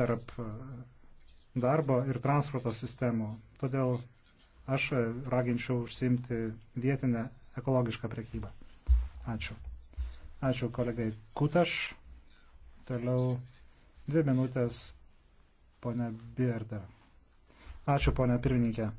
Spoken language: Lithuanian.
tarp e, darbo ir transporto sistemų. Todėl aš e, raginčiau užsimti vietinę ekologišką prekybą. Ačiū. Ačiū kolegai Kutaš. Toliau dvi minutės, ponė Bierda. Ačiū, ponė pirmininkė.